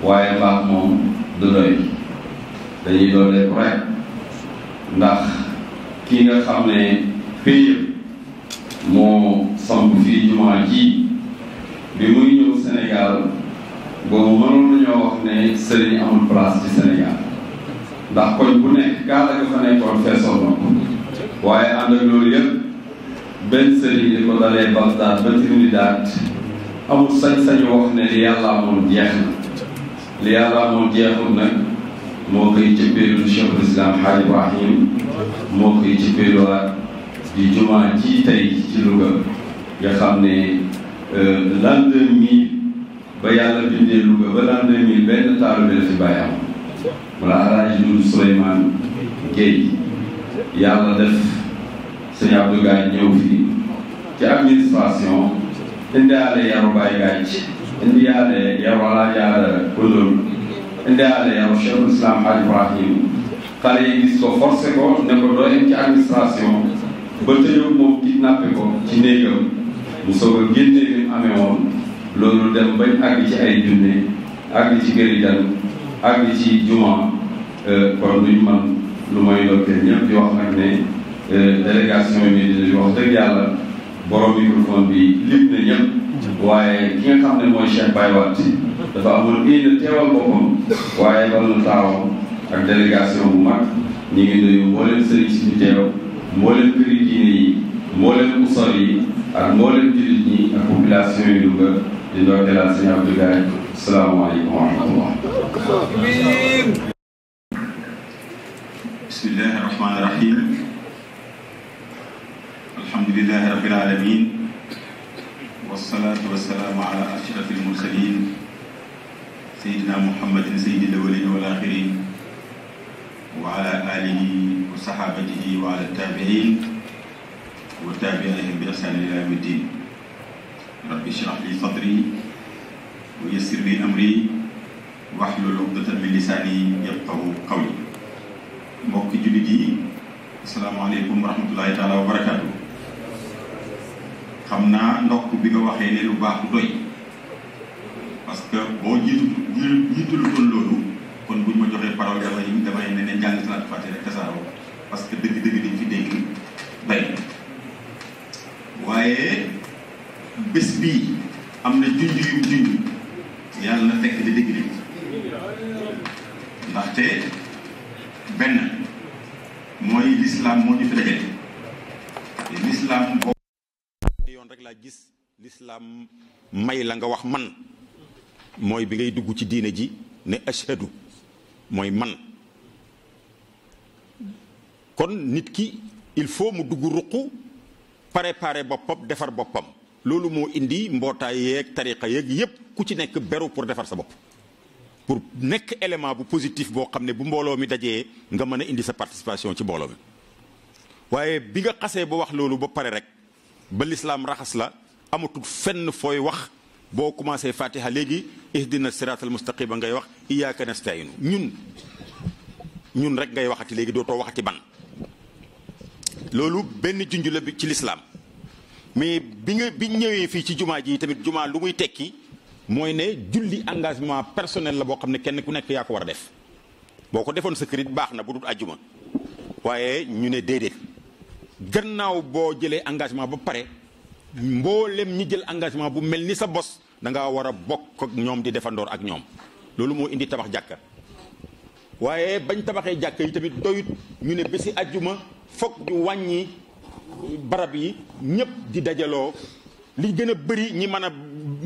waaye mbaax moom du doy dañuy dooleeku rek ndax ki nga xam ne péyëb moo samp fii jumaa ji bi muy ñëw Sénégal boobu mënoon nañoo wax ne sëriñ amul place ci Sénégal ndax bu nekk daanaka fa nekkoon feesoon na ko waaye ànd ak benn sëriñ di ko dalee Bagdad ba Trinidad amul sañ-sañu wax ne li yàlla amoon jeex na li yàlla amoon jeexul nag moo koy cëppeelu Cheikhul Islam Hadj Ibrahim moo koy cëppeeluwaat di jumaa ji tey ci Louga nga xam ne euh, l'an ba yàlla bindee Louga ba l'an 2000 benn taalibe la fi bàyyi am wala Alaaji Doudou Souleymane Guèye yàlla def sëñ Abdou Gaye ñëw fii ci administration indiaale yaru Baye Gaye indiaale yaru Alaaji Aada Kodol indiaale yaru Cheikhul Islam Hadj Ibrahim xale yi gis ko forcé ko ne ko doo yem ci administration ba tëjoo moom kidnappé ko ci néegam mu soog a génnee li mu amee woon loolu dem bañ àgg ci ay junne àgg ci këri jàng juma euh, kon luñ man lu may dokkee wax nag ne euh, délégation yi dina di wax dëgg yàlla borom microphone bi lim na ñëpp waaye ki nga xam ne mooy Cheikh Baye Wade dafa amoon énne teewal boppam waaye bal na taawam ak délégation bu mag ñu ngi nuyu mbooleem sëriñ si ñu teew mbooleem këri diine yi mbooleem usor yi ak mbooleem di ndokkeel ak sëñ Abdoulaye asalaamaaleykum wa rahmatullah. bismillahi rahmaani rahim. alhamdulilahi rabbil alamin. wasalaatu wasalaamu ala ashrafil mursalin. sayyidina muhammadin sayyidil awwalin wal akhirin. wa ala alihi wa sahabatihi wa ala tabiin wa tabiihim bi ihsaan ila yawmi ddin rabbi shrah li sadri wa yassir li amri wahlul uqdatan min lisaani yafqahu qawli mbokk jullit yi asalaamaaleykum wa rahmatullahi taala wa xam naa ndokk bi nga waxee ne lu baax doy parce que boo jiitu jiitul woon loolu kon buñ ma joxee parole damay damay ne ne njàng salaat fàtte rek tasaaroo parce que dëgg-dëgg dañ fi dégg bay waaye bés bi am na junj yu junj yàlla fekk di dégg nañ ndaxte benn mooy lislaam moo ñu fi lislaam boo yoon rek laa gis lislaam may la nga wax man mooy bi ngay dugg ci diine ji ne ashadu mooy man kon nit ki il faut mu dugg ruq préparer boppam defar boppam loolu moo indi mbootaay yeeg tariqa yeeg yépp ku ci nekk beru pour defar sa bopp pour nekk élément bu positif boo xam ne bu mbooloo mi dajee nga mën a indi sa participation ci mbooloo mi waaye bi nga xasee ba wax loolu ba pare rek ba lislaam raxas la amatul fenn fooy wax boo commencé fatiha léegi ihdina siraatal mustaqima ngay wax iyyaka nasta'inu ñun ñun rek ngay waxati léegi dootoo waxati ban loolu benn junj la bi ci lislaam mais bi nga bi ñëwee fii ci jumaa ji tamit jumaa lu muy tekki mooy ne julli engagement personnel la boo xam ne kenn ku nekk yaa ko war a def boo ko defoon sa kër baax na bu dul àjjuma waaye ñu ne déedéet gannaaw boo jëlee engagement ba pare mboolem ñi jël engagement bu mel ni sa bos danga war a bokk ak ñoom di defandoor ak ñoom loolu moo indi tabax jàkka waaye bañ tabaxee jàkka yi tamit doyut ñu ne bési àjjuma foog ñu wàññi. barab yi ñëpp di dajaloo li gën a bëri ñi man a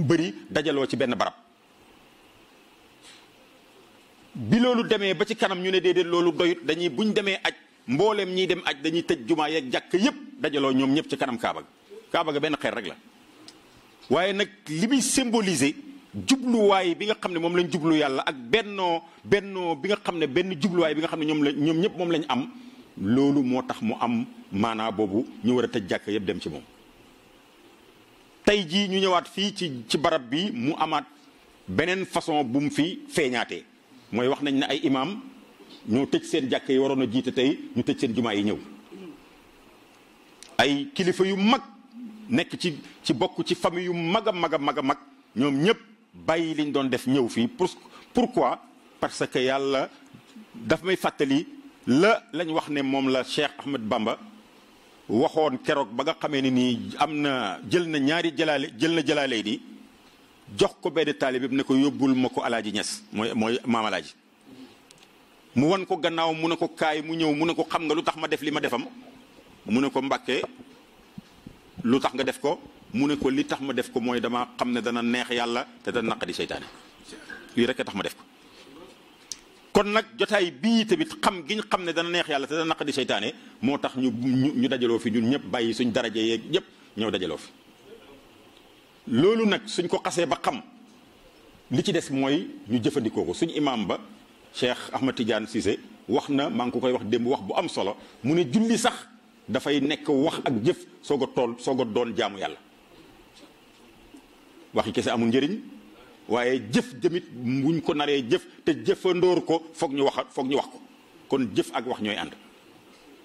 bëri dajaloo ci benn barab bi loolu demee ba ci kanam ñu ne déedéet loolu doyut dañuy buñ demee aj mbooleem ñiy dem aj dañuy tëj jumaa yeeg jàkk yëpp dajaloo ñoom ñëpp ci kanam Kaaba ga Kaaba ga benn xeer rek la waaye nag li muy symboliser jubluwaay bi nga xam ne moom lañ jublu yàlla ak bennoo bennoo bi nga xam ne benn jubluwaay bi nga xam ne ñoom la ñoom ñëpp moom lañ am loolu moo tax mu am maanaa boobu ñu war a tëj jàkk yëpp dem ci moom tey jii ñu ñëwaat fii ci ci barab bi mu amaat beneen façon bu mu fi feeñaate mooy wax nañ ne ay imaam ñoo tëj seen jàkk yi waroon a jiite tey ñu tëj seen jumaa yi ñëw ay kilifa yu mag nekk ci ci bokk ci famille yu mag a mag a mag a mag ñoom ñëpp bàyyi liñ doon def ñëw fii pour pourquoi parce que yàlla daf may fàttali la lañ wax ne moom la Cheikh Ahmed Bamba waxoon keroog ba nga xamee ne nii am na jël na ñaari jalaale jël na jalaalee nii jox ko benn taalibe bi ne ko yóbbul ma ko alaaji ñes mooy mooy maam alaaji mu wan ko gannaaw mu ne ko kaay mu ñëw mu ne ko xam nga lu tax ma def li ma defam mu ne ko mbakke lu tax nga def ko mu ne ko li tax ma def ko mooy dama xam ne dana neex yàlla te dana naqadi seytaane lii rek a tax ma def ko kon nag jotaay bii tamit xam giñ xam ne dana neex yàlla te dana naqadi seytaane moo tax ñu ñu dajaloo fi ñun ñëpp bàyyi suñ daraja yeeg yëpp ñëw dajaloo fi loolu nag suñ ko xasee ba xam li ci des mooy ñu jëfandikoo ko suñ imaam ba Cheikh Ahmad Tidiane Cissé wax na maa ngi ko koy wax démb wax bu am solo mu ne julli sax dafay nekk wax ak jëf soog a tool soog a doon jaamu yàlla waxi kese amul njëriñ waaye jëf jëmit buñ ko naree jëf te jëfandoor ko foog ñu wax foog ñu wax ko kon jëf ak wax ñooy ànd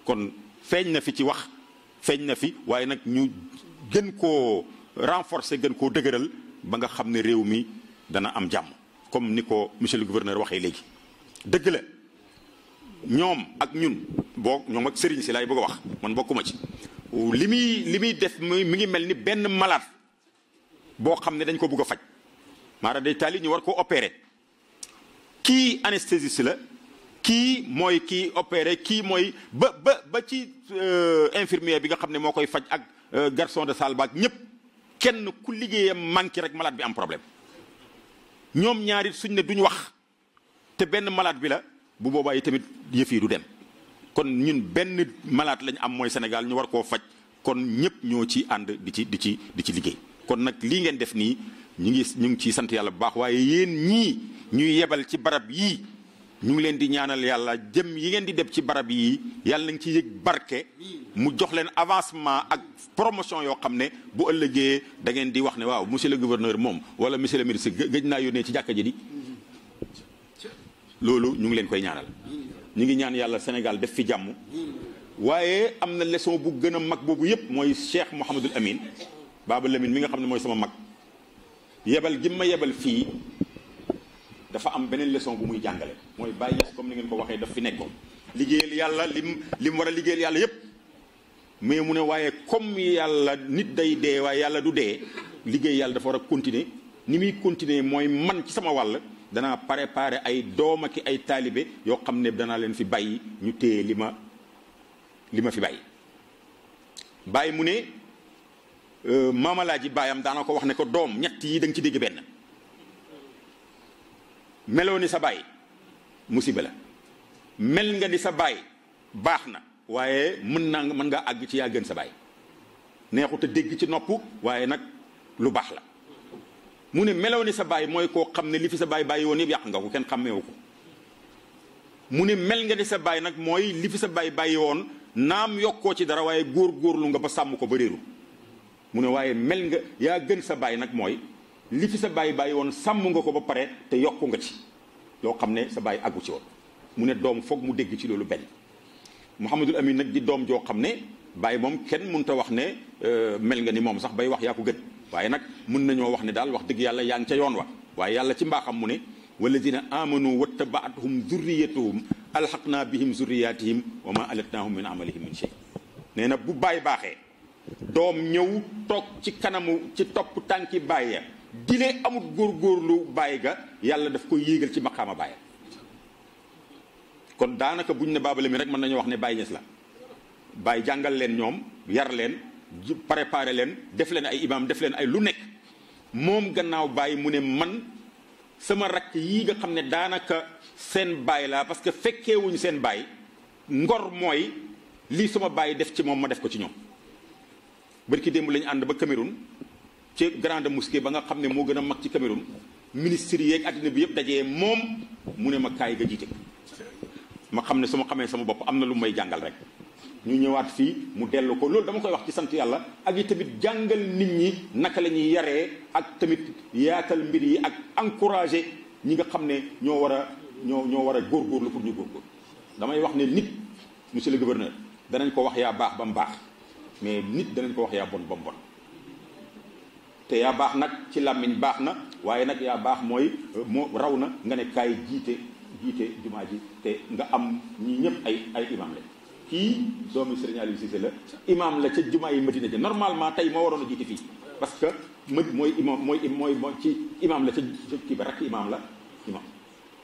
kon feeñ na fi ci wax feeñ na fi waaye nag ñu gën koo renforcer gën koo dëgëral ba nga xam ne réew mi dana am jàmm comme ni ko monsieur le gouverneur waxee léegi dëgg la ñoom ak ñun boo ñoom ak sëriñ si laay bëgg wax man bokkuma ci li muy li muy def mi ngi mel ni benn malade boo xam ne dañ ko bëgg a faj maara day taali ñu war ko opeere kii anesthésiste la kii mooy kii opéré kii mooy ba ba ba ci euh, infirmier bi nga xam ne moo koy faj ak euh, garson de salle baak ñëpp kenn ku liggéeyam manqué rek malade bi am problème ñoom ñaarit suñ ne duñ wax te benn malade bi la bu boobaa yi tamit yëf du dem kon ñun benn malaat lañ am mooy senegal ñu war koo faj kon ñëpp ñoo ci ànd di ci di ci di ci liggéey kon nag lii ngeen def nii ñu ngi ñu ngi ciy sant yàlla bu baax waaye yéen ñii ñuy yebal ci barab yii ñu ngi leen di ñaanal yàlla jëm yi ngeen di def ci barab yii yàlla nañ ci yëg barke mu jox leen avancement ak promotion yoo xam ne bu ëllëgee da di wax ne waaw monsieur le gouverneur moom wala monsieur le ministre naa yónnee ci jàkka ji ñu ngi leen koy ñaanal ñu ngi ñaan yàlla Sénégal def fi jàmm waaye am na leçon bu gën a mag boobu yépp mooy Cheikh Mouhamadul Amin Baba Lamine mi nga xam ne mooy sama mag yebal gim ma yebal fii dafa am beneen leçon bu muy jàngale mooy bàyyi yes comme ni ngeen ko waxee daf fi nekkoon liggéeyal yàlla lim lim war a liggéeyal yàlla yëpp mais mu ne waaye comme yàlla nit day dee waaye yàlla du dee liggéey yàlla dafa war a continuer ni muy continuer mooy man ci sama wàll danaa préparer ay doom ak ay taalibe yoo xam ne danaa leen fi bàyyi ñu téye li ma li ma fi bàyyi bàyyi mu ne Euh, maamalaaji baayam daana ko wax ne ko doom ñett yi danga nga ci dégg benn meloo ni sa baay musiba la mel nga ni sa baay baax na waaye mën naa mën nga àgg ci yaa gën sa baay neexut a dégg ci nopp waaye nag lu baax la mu ne meloo ni sa baay mooy koo xam ne li fi sa baay bàyyi woon yëpp yàq nga ko kenn xàmmeewu ko mu ne mel nga ni sa baay nag mooy li fi sa baay bàyyi woon naam yokkoo ci dara waaye góor góorlu nga ba sàmm ko ba réeru mu ne waaye mel nga yaa gën sa bàyyi nag mooy li fi sa bàyyi bàyyi woon sàmm nga ko ba pare te yokku nga ci loo xam ne sa bàyyi àggu ci woon mu ne doom foog mu dégg ci loolu benn Mouhamadul Amin nag di doom joo xam ne bàyyi moom kenn mënut wax ne mel nga ni moom sax bay wax yaa ko gën waaye nag mën nañoo wax ne daal wax dëgg yàlla yaa ngi ca yoon wa waaye yàlla ci mbaaxam mu ne walladina amanu wattabaatuhum zurriyatuhum alxaqnaa bihim zurriyatihim wa ma alatnaahum min amalihim min shay nee na bu bàyyi baaxee doom ñëw toog ci kanamu ci topp tànki bàyya dile amut góorlu bàyyi ga yàlla daf koy yéegal ci a bàyya kon daanaka buñ ne baabale mi rek mën nañoo wax ne bàyyi ñes la bàyyi jàngal leen ñoom yar leen préparé leen def leen ay imaam def leen ay lu nekk moom gannaaw bàyyi mu ne man sama rakk yii nga xam ne daanaka seen bàyyi laa parce que fekkeewuñu seen bàyyi ngor mooy lii suma bàyyi def ci moom ma def ko ci ñoom bërki démb la ànd ba Cameroun ci grande mosquée ba nga xam ne moo gën a mag ci Cameroun ministre yeeg àddina bi yëpp dajee moom mu ne ma kaay nga jiite ma xam ne su ma xamee sama bopp am na lu may jàngal rek ñu ñëwaat fii mu dellu ko loolu dama koy wax ci sant yàlla ak yi tamit jàngal nit ñi naka lañuy ñuy ak tamit yaatal mbir yi ak encourager ñi nga xam ne ñoo war a ñoo ñoo war a góorgóorlu pour ñu góorgóorlu damay wax ne nit monsieur le gouverneur danañ ko wax yaa baax ba mu baax mais nit danañ ko wax yaa bon bon bon te yaa baax nag ci làmmiñ baax na waaye nag yaa baax mooy euh, moo raw na nga ne kaay jiite jiite jumaa ji te nga am ñi ñëpp ay ay imam lañ kii doomi Serigne Aliou Cissé la imam la ca jumaa yi Madina ja normalement tey moo waroon a jiite fii parce que mët mooy imam mooy mooy ci imam la ca kii ba rakk imam la imam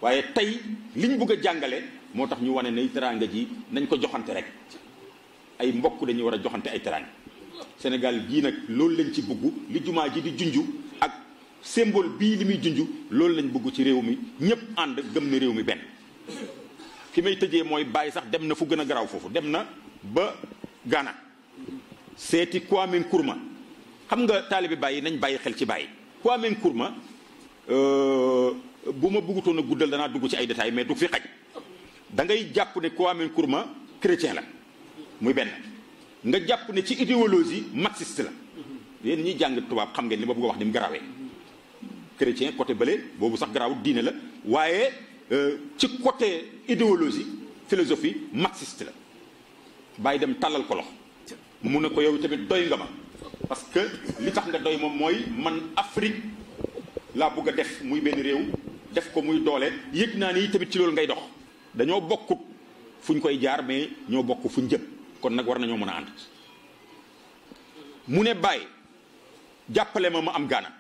waaye tey liñ bëgg a jàngale moo tax ñu wane ne teraanga ji nañ ko joxante rek ay mbokk dañuy war a joxante ay teraan Sénégal gii nag loolu lañ ci bëgg li jumaa ji di junju ak symbole bii li muy junju loolu lañ bëgg ci réew mi ñëpp ànd gëm ne réew mi benn ki may tëjee mooy bàyyi sax dem na fu gën a garaaw foofu dem na ba gaana seeti Kwame Nkrumah xam nga taalibi bàyyi nañ bàyyi xel ci bàyyi Kwame Nkrumah euh, bu ma bëggutoon a guddal danaa dugg ci ay détails mais du fi xaj da ngay jàpp ne Kwame Nkrumah chrétien la muy benn nga jàpp ne ci idéologie marxiste la yéen ñi jàng tubaab xam ngeen li ma bëgg a wax ni mu garawee chrétien côté bële boobu sax garaaw diine la waaye euh, ci côté idéologie philosophie marxiste la bàyyi dem tàllal ko loxo mu ne ko yow tamit doy nga ma parce que li tax nga doy moom mooy man Afrique laa bugg a def muy benn réew def ko muy doole yëg naa ni tamit ci loolu ngay dox dañoo bokkut fu ñu koy jaar mais ñoo bokk fu ñu jëm kon nag war nañoo mën a ànd mu ne bàyyi jàppale ma ma am gaana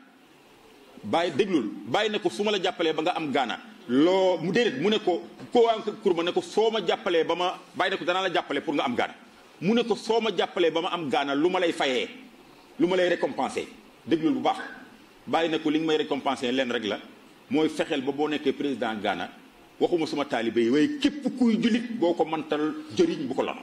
bàyyi déglul bàyyi na ko su ma la jàppalee ba nga am gaana loo mu déedéet mu ne ko koowaam kurma ne ko soo ma jàppalee ba ma bàyyi ko danaa jàppale pour nga am gaana mu ne ko soo ma jàppalee ba ma am gaana lu ma lay fayee lu ma lay récompenser déglul bu baax bàyyi na ko li may récompenser leen rek la mooy fexeel ba boo nekkee président gaana waxuma suma taalibe yi waaye képp kuy jullit boo ko mantal jëriñ bu ko lono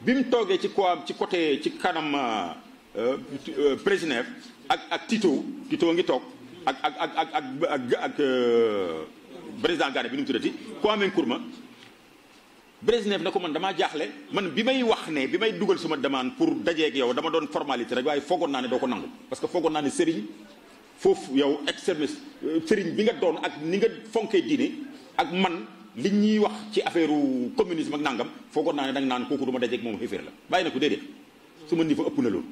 bi mu toogee ci kowaam ci côté ci kanam euh, euh, Brezhnev ak ak Tito Tito ngi toog ak ak ak ak ak ak ak euh, président Ghana bi nu mu tuddati Kwame Nkrumah Brezhnev na ko man damaa jaaxle man bi may wax ne bi may dugal suma demande pour dajeeg yow dama doon formalité rek waaye foogoon naa ne doo ko nangu parce que foogoon naa ne sëriñ foofu yow ex-service sëriñ bi nga doon ak ni nga fonkee diine ak man. li ñuy wax ci affaire communisme ak nangam foogoon naa ne danga naan kooku du ma dajeeg moom xéeféer la bàyyi na ko déedéet su ma niveau ëpp na loolu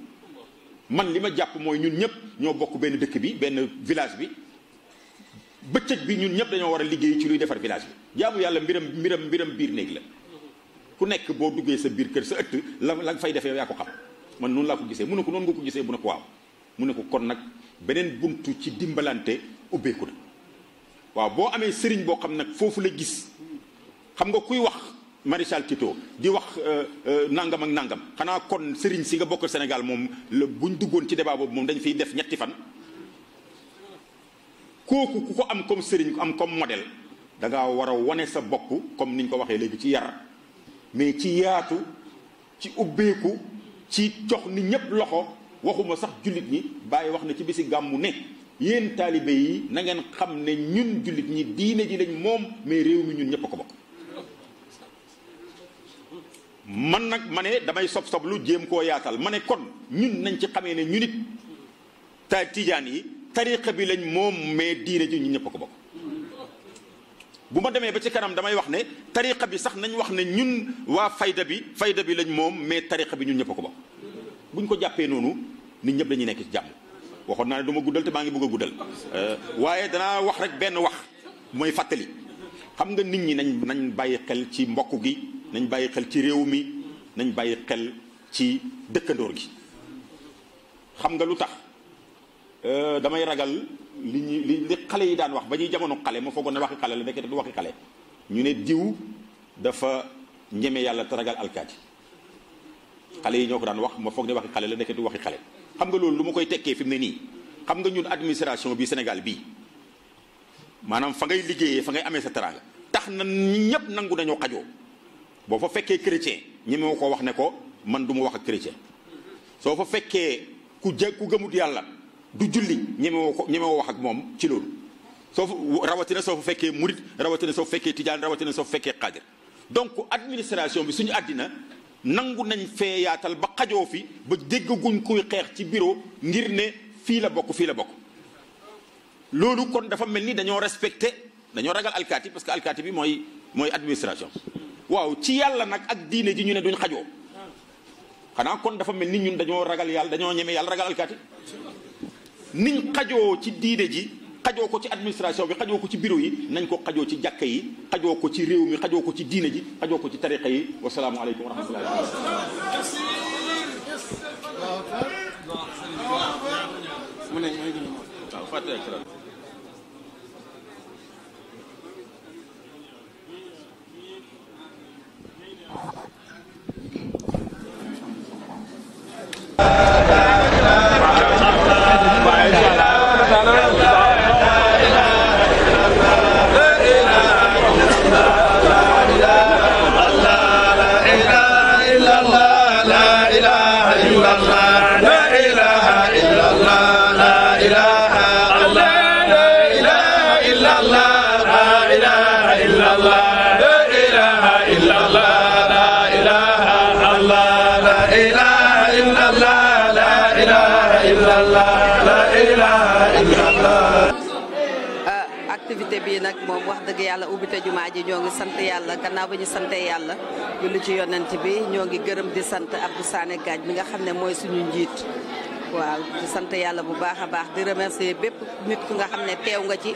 man li ma jàpp mooy ñun ñëpp ñoo bokk benn dëkk bi benn village bi bëccëg bi ñun ñëpp dañoo war a liggéey ci luy defar village bi jaamu yàlla mbiram mbiram mbiram biir néeg la ku nekk boo duggee sa biir kër sa ëtt la la fay defee yaa ko xam man noonu laa ko gisee mu ne ko noonu nga ko gisee mu ne ko waaw mu ne ko kon nag beneen buntu ci dimbalante ubbeeku waaw boo amee sëriñ boo xam nag foofu la gis xam nga kuy wax maréchal Tito di wax euh, euh, nangam ak nangam xanaa kon sëriñ si nga bokk Sénégal moom la buñ duggoon ci debaa boobu moom dañ fiy def ñetti fan kooku ku ko am comme sëriñ ku am comme modèle danga ngaa war a wane sa bopp comme niñ ko waxee léegi ci yar mais ci yaatu ci ubbeeku ci jox ni ñépp loxo waxuma sax jullit ñi bàyyi wax na ci bisi gàmmu ne yéen taalibe yi na ngeen xam ne ñun jullit ñi diine ji lañ moom mais réew mi ñun ñépp a ko bokk man nag ma ne damay sob sob lu jéem koo yaatal ma ne kon ñun nañ ci xamee ne ñu nit ta tiijaan yi tariqa bi lañ moom mais diine ji ñu ñëpp ko bokk bu ma demee ba ci kanam damay wax ne tariqa bi sax nañ wax ne ñun waa fayda bi fayda bi lañ moom mais tariqa bi ñun ñëpp ko bokk buñ ko jàppee noonu nit ñëpp dañuy nekk ci jàmm waxoon naa ne du ma guddal te maa ngi bëgg a guddal euh, waaye danaa wax rek benn wax mooy fàttali xam nga nit ñi nañ nañ bàyyi xel ci mbokk gi nañ bàyyi xel ci réew mi nañ bàyyi xel ci dëkkandoor gi xam nga lu tax euh, damay ragal li ñuy li li xale yi daan wax ba ñuy jamono xale ma foogoon ne waxi xale nekk te du waxi xale ñu ne diw dafa ñeme yàlla ragal alkaati xale yi ñoo ko daan wax ma foog ne waxi xale la nekk du waxi xale xam nga loolu lu ma koy tekkee fi mu ne nii xam nga ñun administration bi Sénégal bi maanaam fa ngay liggéeyee fa ngay amee sa teraanga tax na ñëpp nangu nañoo xajoo boo fa fekkee chrétien ñemewu ko wax ne ko man du ma wax ak chrétien soo fa fekkee ku jë ku gëmut yàlla du julli ñemewoo ko ñemewoo wax ak moom ci loolu soo fa rawatina soo fa fekkee murit rawatina soo fa fekkee tijaan rawatina soo fa fekkee xaadir donc administration bi suñu àddina nangu nañ fee yaatal ba xajoo fi ba déggaguñ kuy xeex ci bureau ngir ne fii la bokk fii la bokk loolu kon dafa mel ni dañoo respecté dañoo ragal alkaati parce que alkaati bi mooy mooy administration waaw ci yàlla nag ak diine ji ñu ne duñ xajoo xanaa kon dafa mel ni ñun dañoo ragal yàlla dañoo ñeme yàlla ragal alkaati niñ xajoo ci diine ji xajoo ko ci administration bi xajoo ko ci bureau yi nañ ko xajoo ci jàkka yi xajoo ko ci réew mi xajoo ko ci diine ji xajoo ko ci tariqa yi wasalaamu aleykum wa mu ne Thank you Euh, activité bii nag moom wax dëgg yàlla ubbite jumaa ji ñoo ngi sant yàlla gannaaw ba ñu sante yàlla julli ci yonent bi ñoo ngi gërëm di sant Abdou Sané Gaaj mi nga xam ne mooy suñu njiit waaw di sant yàlla bu baax a baax di remercier bépp mit ku nga xam ne teew nga ci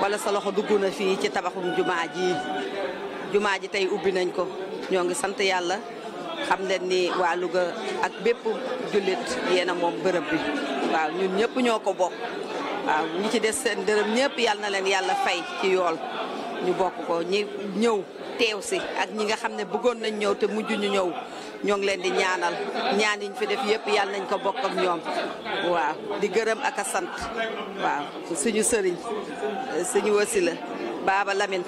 wala sa loxo dugg na fii ci tabaxum jumaa ji jumaa ji tey ubbi nañ ko ñoo ngi sant yàlla xam leen ni waa Louga ak bépp jullit yéen a moom bërëb bi waaw ñun ñëpp ñoo ko bokk waaw ñi ci des seen dërëm ñëpp yal na leen yàlla fay ci yool ñu bokk ko ñi ñëw teew si ak ñi nga xam ne bëggoon nañ ñëw te mujj ñu ñëw ñoo ngi leen di ñaanal ñaan yiñ fi def yëpp yàlla nañ ko bokk ak ñoom waaw di gërëm ak a sant waaw suñu sëriñ suñu wasila Baba Lamine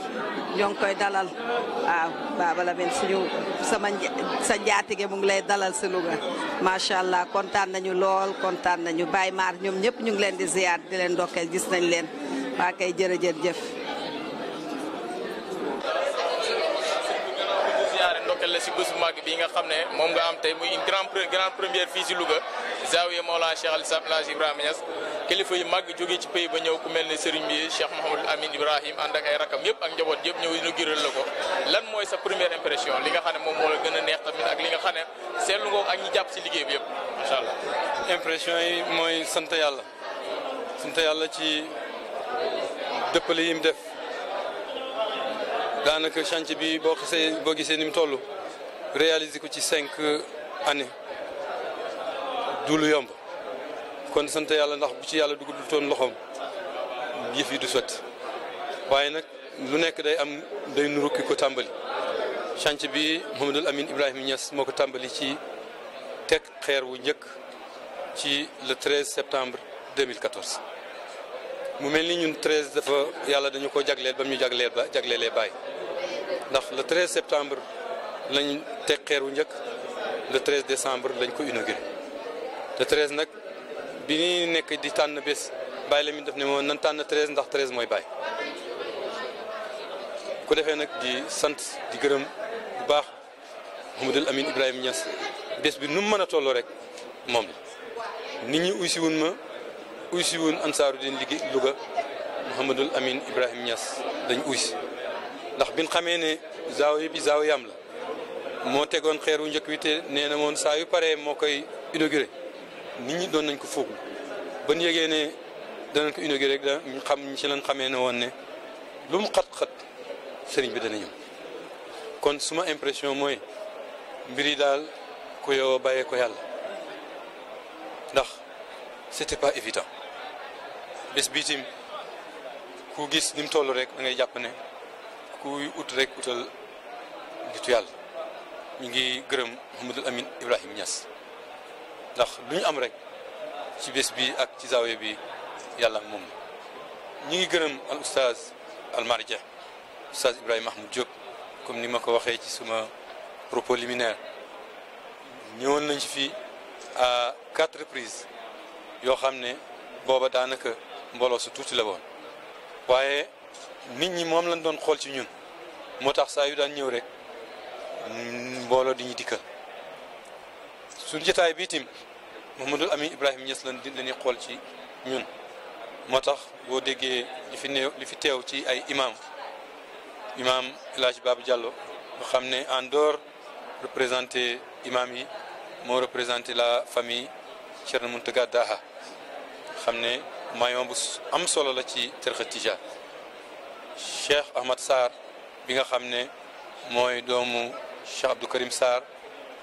ñoo koy dalal waaw Baba Lamine suñu sama mu ngi lay dalal si Louga macha allah kontaan nañu lool kontaan nañu Baye Mar ñoom ñëpp ñu ngi leen di ziyaar di leen ndokkeel gis nañ leen waa kay jërëjëf jëf. la si bés bu kilifa yu mag jógee ci pays ba ñëw ku mel ne Serigne bi Cheikh Mouhamadul Amin Ibrahim ànd ak ay rakam yëpp ak njaboot yëpp ñëw ñu giral la ko lan mooy sa première impression li nga xam ne moom moo la gën a neex tamit ak li nga xam ne seetlu nga ak ñi jàpp si liggéey bi yëpp macha allah. impression yi mooy sant yàlla sant yàlla ci dëppale yi mu def daanaka chantier bi boo xisee boo gisee ni mu toll réaliser ko ci cinq années du lu yomb. kon sant yàlla ndax bu ci yàlla dugg toon loxoom yëf yi du sotti waaye nag lu nekk day am day nuru ki ko tàmbali chantier bi Mouhamadoul Amine Ibrahima Niass moo ko tàmbali ci teg xeer wu njëkk ci le 13 septembre 2014 mu mel ni ñun 13 dafa yàlla dañu ko jagleel ba mu ñu jagleel ba jagleelee bàyyi ndax le 13 septembre lañ teg xeer wu njëkk le 13 décembre lañ ko inauguré le 13 nag bi ñuy nekk di tànn bés Baye Lamine def ne moom nan tànn treize ndax treize mooy Baye ku defee nag di sant di gërëm bu baax Mouhamadoul amin Ibrahima ñas bés bi nu mu mën a tolloo rek moom nit ñi uy wun ma uy si wun ansaaru din liggéey Louga Mouhamadoul Amine Ibrahima Niass dañ uy si ndax bin xamee ne zaawiya bi zaawiyaam la moo tegoon xeer wu njëkk wi te nee na moon saa yu pare moo koy inauguré nit ñi doon nañ ko foogu ba ñu yëgee ne danañ ko inauguré rek da ñu xam ñu ci lañ xamee ne woon ne lu mu xat-xat sëriñ bi dana ñëw kon suma impression mooy mbir yi daal ku yow a bàyyee ko yàlla ndax c'était pas évident bés bii tim ku gis ni mu toll rek da ngay jàpp ne kuy ut rek utal nitu yàlla ñu ngi gërëm Mouhamadul Amin Ibrahim Niass ndax lu ñu am rek ci bés bi ak ci zaawiya bi yàlla moom ñi ngi gërëm al oustaz al marja oustaz Ibrahima Mahmoud Diop comme ni ma ko waxee ci suma propos liminaire ñëwoon nañ ci fii à quatre yoo xam ne booba daanaka mbooloo su tuuti la woon waaye nit ñi moom lañ doon xool ci ñun moo tax saa yu daan ñëw rek mbooloo di ñu dikkal suñu jotaay bi tim Mouhamadul Amin Ibrahima Niass lan di lañuy xool ci ñun moo tax boo déggee li fi néew li fi teew ci ay imam imam El Hadj Babou nga xam ne en dehors représenté imam yi moo représenté la famille Thierno Mountaga Daha xam ne maillon bu am solo la ci tarixa tijaan Cheikh Ahmad Sarr bi nga xam ne mooy doomu Cheikh Abdou Karim Sarr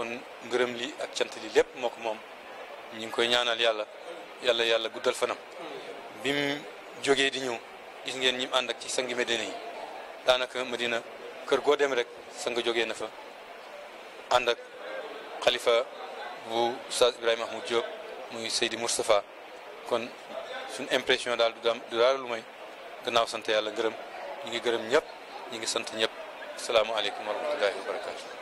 kon ngërëm li ak cant li lépp moo moom ñu ngi koy ñaanal yàlla yàlla yàlla guddal fanam bi mu jógee di ñëw gis ngeen ñi ànd ak ci sangi Medina yi daanaka Medina kër goo dem rek sang jógee na fa ànd ak xalifa bu Oustaz Ibrahima Mahmoud Diop muy Seydi Moustapha kon suñ impression daal du du daal lu may gannaaw sant yàlla gërëm ñu ngi gërëm ñëpp ñu ngi sant ñëpp asalaamaaleykum wa rahmatullahi wa barakatu